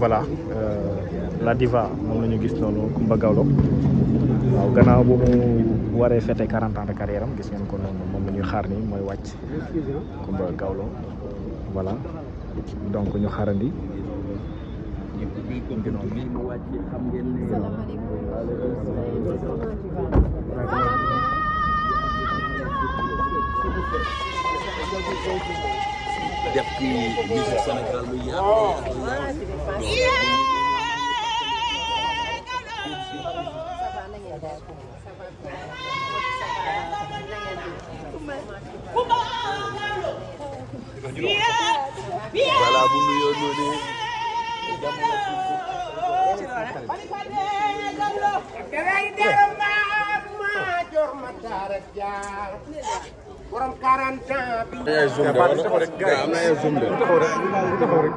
voilà euh, la diva moom la gis noonu Coumba Gawlo waaw gannaaw bu mu waree fêté 40 ans de gis ngeen ko noonu moom la ñuy xaar nii mooy wàcc Coumba Gawlo voilà donc ñu xaarandi. def ci musique Sénégal lu yaatu voilà bu nuyoo noonu jamono borom 40 ans. am na ay zoom de am na ay zoom de. taxaw rek taxaw rek.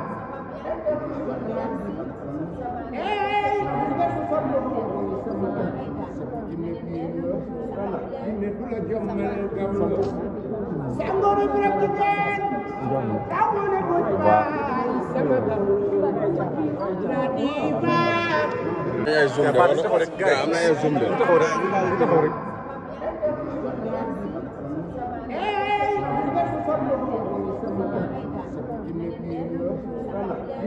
am na ay zoom de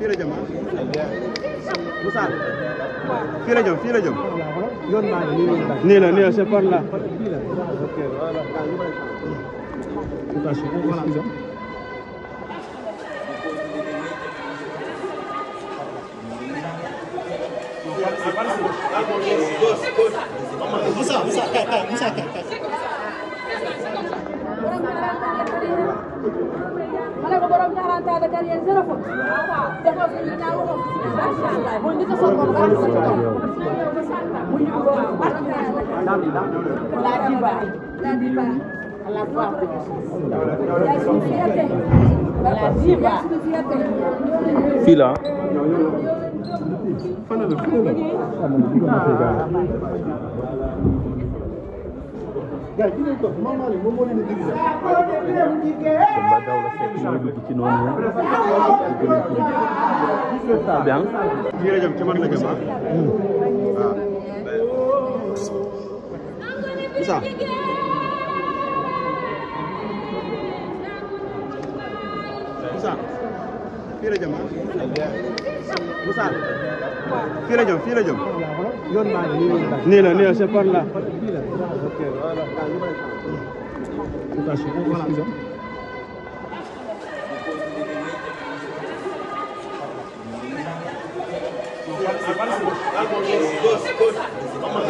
fii la jëm ah. Moussa fii la jëm fii la jëm nii la nii la c'est par là Moussa Moussa kay kay Moussa kay kay ma ne ko borom 40 ans de carrière zéro faute defoo fi ñu ñaaw waxoo fi macha allah bu ñu ko soxla ba ko soxla bu ñu ko la diva la diva à la fois yaay suñu fierté la diva suñu fierté fii la fan la gars yi ko moom maa leen moom moo leen di dirigé. kon ba daw la fekk ñu dugg ci noonu la. bien. kii la jëm ci man la jëm ah. waaw. Moussa. Moussa. fii la jëm Moussa fii la jëm fii la jëm nii la nii la c'est par là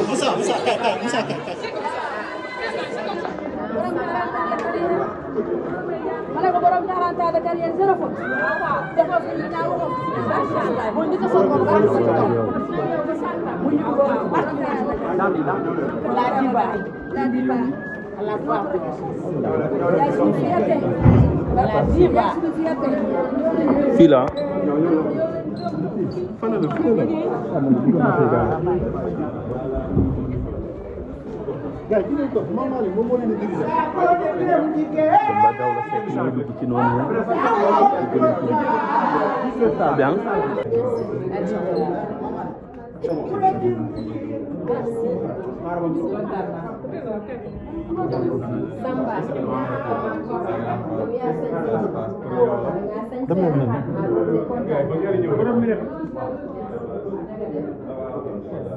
Moussa Moussa Moussa ma ne ko borom quarante ans de carrière zéro faute defoo fi lu ñaaw macha allah mooy ñu ko soog moom dara ko soog muy ñu ko la diva la diva la voix de la suñu fierté la diva suñu fierté fii la fan la fan la gars yi ko Mame Malick moom moo leen di dirigé. kon ba daaw la fekk ñu dugg ci noonu la. c'est bien.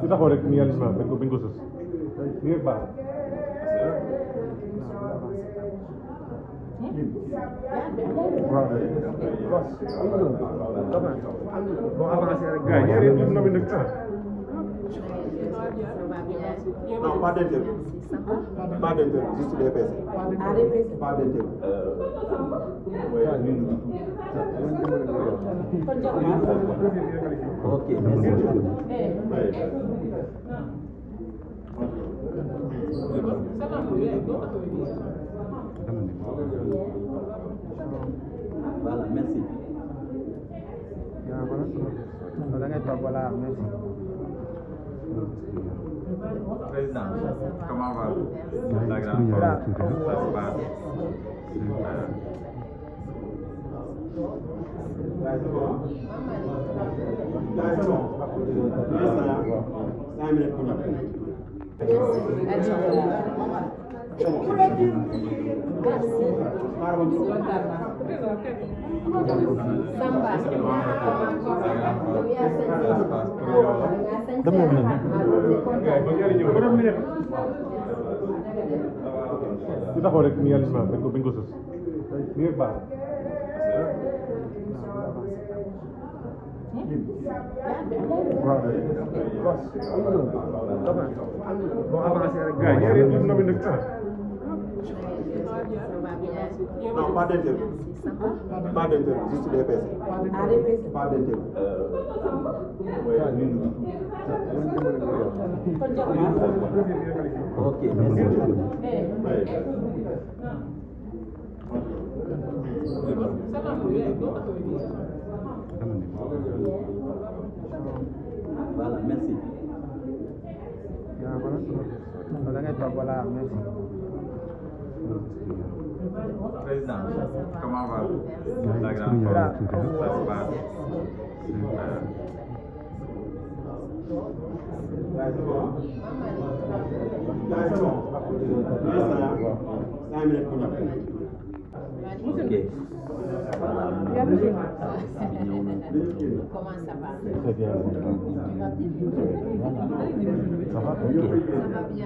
Kita korek nih alisma, bengkok bengkok sus. Ini apa? waaw boo avancé rek gars yi yéen ñoom nag ah. non pas d'interview. pas d'interview juste des PC. pas d'interview. ok merci. Okay. kon da ngay toog voilà merci. président comment va la grande forme ça se passe. Merci. Samba. Demoon na. Di taxaw rek ni yàlla dañ ko bañ ko sës. Ni baax. Waaw. Waaw. Boo avancé rek Non, pas d'interview. Pas d'interview, juste des PC. Pas d'interview. Ok, merci. Voilà, merci. Voilà, merci. Président, comment va la grande forme Ça se passe Ok. Comment ça va Très bien. Ça va bien.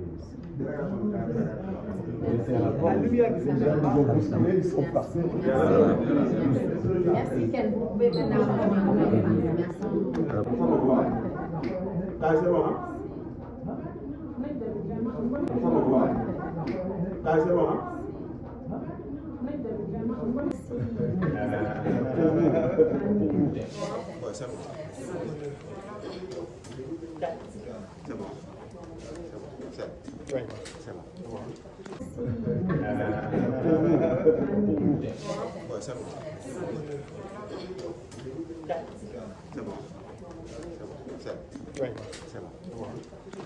Merci, Ken. Vous pouvez maintenant Merci. C'est bon. C'est ouais. bon. Euh... Ouais, c'est bon. C'est bon. C'est bon. C'est bon.